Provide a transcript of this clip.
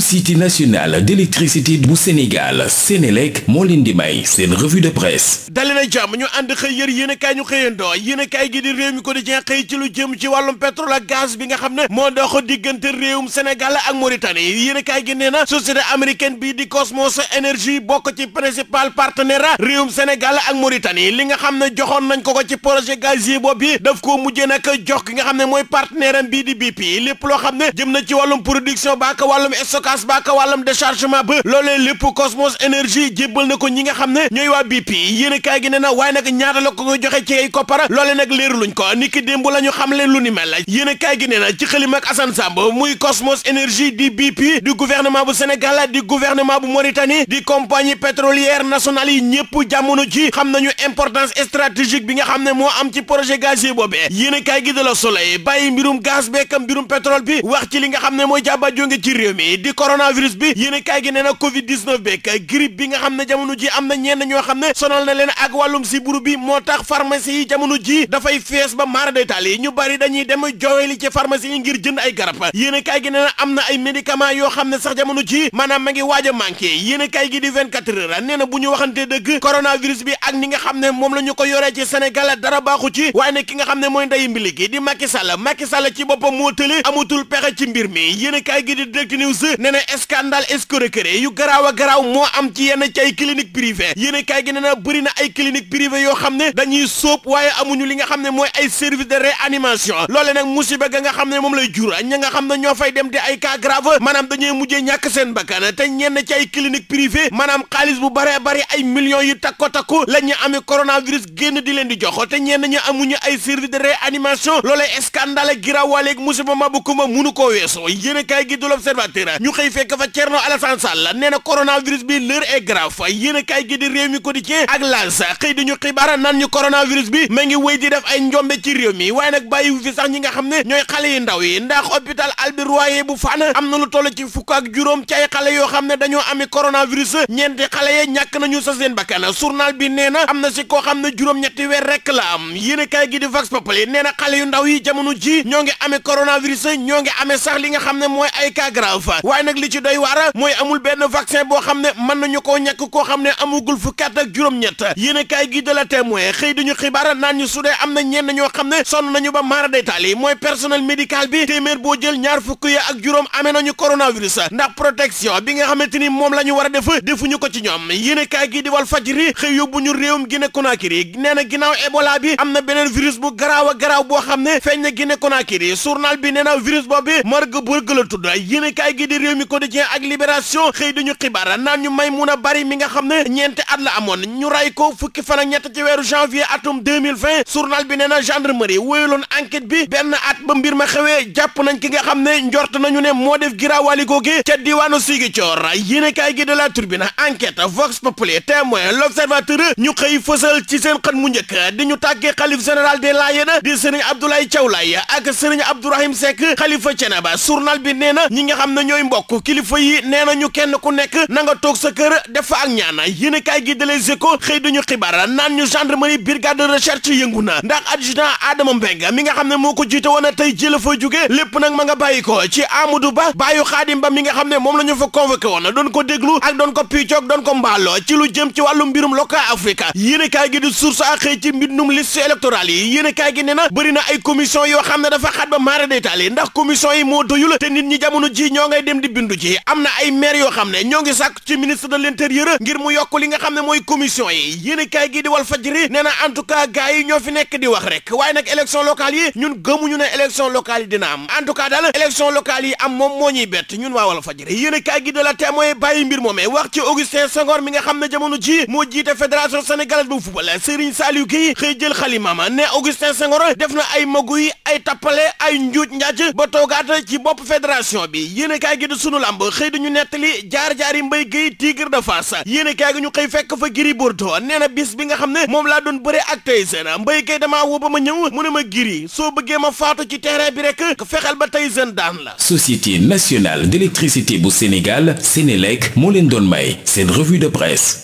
société nationale d'électricité bu Sénégal Sénélec moo leen di may seen revue de presse dali jàmm ñu ànd xëy yër a kaay ñu xëyandoo yéen a kaay gi di réew mi ko di jeex xëy ci lu jëm ci wàllum pétrole ak gaz bi nga xam ne moo dox diggante réewum Sénégal ak Mauritanie yéen a gi nee na société américaine bii di Cosmos Energy bokk ci principal partenaire réewum Sénégal ak Mauritanie li nga xam ne joxoon nañ ko ci projet gazier boobu bi daf ko mujjee stockage baaka wàllam déchargement ba loolee lépp Cosmos énergie jébbal na ko ñi nga xam ne ñooy waa BP yéen kaay gi nee na waaye nag ñaata la ko nga joxe ci ay koppara loole nag léeru luñ ko ni ki démb la ñu xam le lu ni mel la yéen kaay gi nee na ci xëlim ak Assane Samb muy Cosmos énergie di BP di gouvernement bu Sénégal di gouvernement bu Mauritanie di compagnie pétrolière nationale yi ñëpp jamono ji xam nañu importance stratégique bi nga xam ne moo am ci projet gazier boobee yéen kaay gi de la bàyyi mbirum gaz beek mbirum pétrole bi wax ci li nga xam ne mooy jàba jónge ci réew mi di coronavirus bi yéen a nee na covid 19 bi grippe bi nga xam ne jamono ji am na ñenn ñoo xam ne sonal na leen ak wàllum sibbiru bi moo tax pharmacie yi jamono ji dafay fees ba maara daytaal ñu bari dañuy dem jooyali ci pharmacie yi ngir jënd ay garab yéen a kaay gi nee am na ay médicament yoo xam ne sax jamono ji maanaam ma waaj manqué yéen gi di 24 heures nee na bu ñu waxantee dëgg coronavirus bi ak ni nga xam ne moom la ñu ko yoree ci Sénégal dara baaxu ci waaye ne ki nga xam ne mooy ndeyu mbili gi di Macky Sall Macky Sall ci boppam moo tële amatul pexe ci mbir mi yéen a gi di direct news nee na scandale escroquerie yu garaaw a garaaw moo am ci yenn ci ay clinique privée yéen kaay gi nee na bëri na ay clinique privée yoo xam ne dañuy sóob waaye amuñu li nga xam ne mooy ay service de réanimation loole nag musiba ga nga xam ne moom lay jur ña nga xam ne ñoo fay dem di ay cas grave dañuy mujjee ñàkk seen bakkan te ñenn ci ay clinique privée maanaam xaalis bu bare bari ay millions yu takko takku la ñu amee coronavirus génn di leen di jox te ñenn ñu amuñu ay service de réanimation loolee scandale giraawaaleeg musiba ma bu kumba munu koo weesoo yéen kaay gi du l'observateur ñu xëy fekk fa Thierno Alassane Sall nee na coronavirus bi l'heure est grave yéen a kaay gi di réew mi quotidien ak L'As xëy di ñu xibaar naan ñu coronavirus bi ma ngi wéy di def ay njombe ci réew mi waaye nag bàyyiwu fi sax ñi nga xam ne ñooy xale yu ndaw yi ndax hôpital Albert Royer bu Fann am na lu toll ci fukk ak juróom ci ay xale yoo xam ne dañoo amee coronavirus ñeenti xale ya ñàkk nañu sa seen bakkan journal bi nee na am na si koo xam ne juróom-ñetti la am yéen a kaay yu ndaw yi jamono ji ñoo ngi amee coronavirus ñoo ngi amee sax li nga xam ne mooy ay cas waaye nag li ci doy waar mooy amul benn vaccin boo xam ne mën nañu koo ñàkk koo xam ne amugul fukki at ak juróom-ñett yéen a kaay gi de la témoin xëy duñu xibaar naan ñu su dee am na ñenn ñoo xam ne na ñu ba maara daytaal yi mooy personnel médical bi téeméer boo jël ñaar fukk ya ak juróom amee na nañu coronavirus ndax protection bi nga xamante ni moom la ñu war a def defuñu ko ci ñoom yéen a kaay gi di wal fajri xëy yóbbu ñu réewum Guinée Conakry nee na ginnaaw Ebola bi am na beneen virus bu garaaw a boo xam ne feeñ na Guinée Conakry journal bi nee na virus boobu Marburg la tudd yéen a kaay gi di réew mi quotidien ak libération xëy dañu xibaar naan ñu Maimouna Bari mi nga xam ne ñeenti bi na gendarmerie ne njort nañu ne moo def giraawaali googi ca diwaanu Ziguinchor yéenekaay gi de la Tribune enquête Vox Populi Témoin L'Observateur ñu xëy fësal ci seen xët mu njëkk di ñu tàggee xalif général des Layènes di sëriñ Abdoulaye Thiaw ak sëriñ Abdourahim Seck xalifa Thiénaba journal bi nee ñi nga xam ne ñooy bokk kilifa yi nee na ñu kenn ku nekk na nga toog sa kër def fa ak ñaan yéen kaay gi de Les Échos xëy duñu xibaar naan ñu gendarmerie brigade de yëngu na ndax adjudant Adama Mbengue mi nga xam ne moo ko jiite woon tey ji la fa jóge lépp nag ma nga bàyyi ko ci Amadou Ba bàyyu Xaadim Ba mi nga xam ne moom la ñu fa convoqué woon doon ko déglu ak doon ko piccoog doon ko mbaaloo ci lu jëm ci wàllu mbirum local Africa yéen kaay gi di source ak xëy ci mbindum na bëri na ay commission yoo xam ne dafa xat ba maara moo doyul te nit ñi jamono ji ñoo ngay dem di bindu ci am na ay maire yoo xam ne ñoo ngi sàkk ci ministre de l'intérieur ngir mu yokk li nga xam ne mooy commission yi yéenekaay gi di Walf Fadjri nee na en tout ñoo fi nekk di wax rek waaye nag élection yi ñun gëmuñu ne élection locale yi dina am en tout cas daal yi am moom moo ñuy bett ñun waa Walf Fadjri yéenekaay gi de la témoin bàyyi mbir moomee wax ci Augustin Senghor mi nga xam ne jamono ji moo jiite fédération sénégalaise ba toogaat ci du sunu lamb xëy duñu nettali jaar jaari yi Mbaye Gueye Tigre de Fass yéen kaay gi ñu xëy fekk fa giri Gris to nee na bis bi nga xam ne moom laa doon bëre ak Tyson Mbaye Gueye damaa woo ba ma ñëw mu ne ma Gris soo bëggee ma faatu ci terrain bi rek fexeel ba Tyson daan la Société nationale d'électricité bu Sénégal Sénélec moo leen doon may seen revue de presse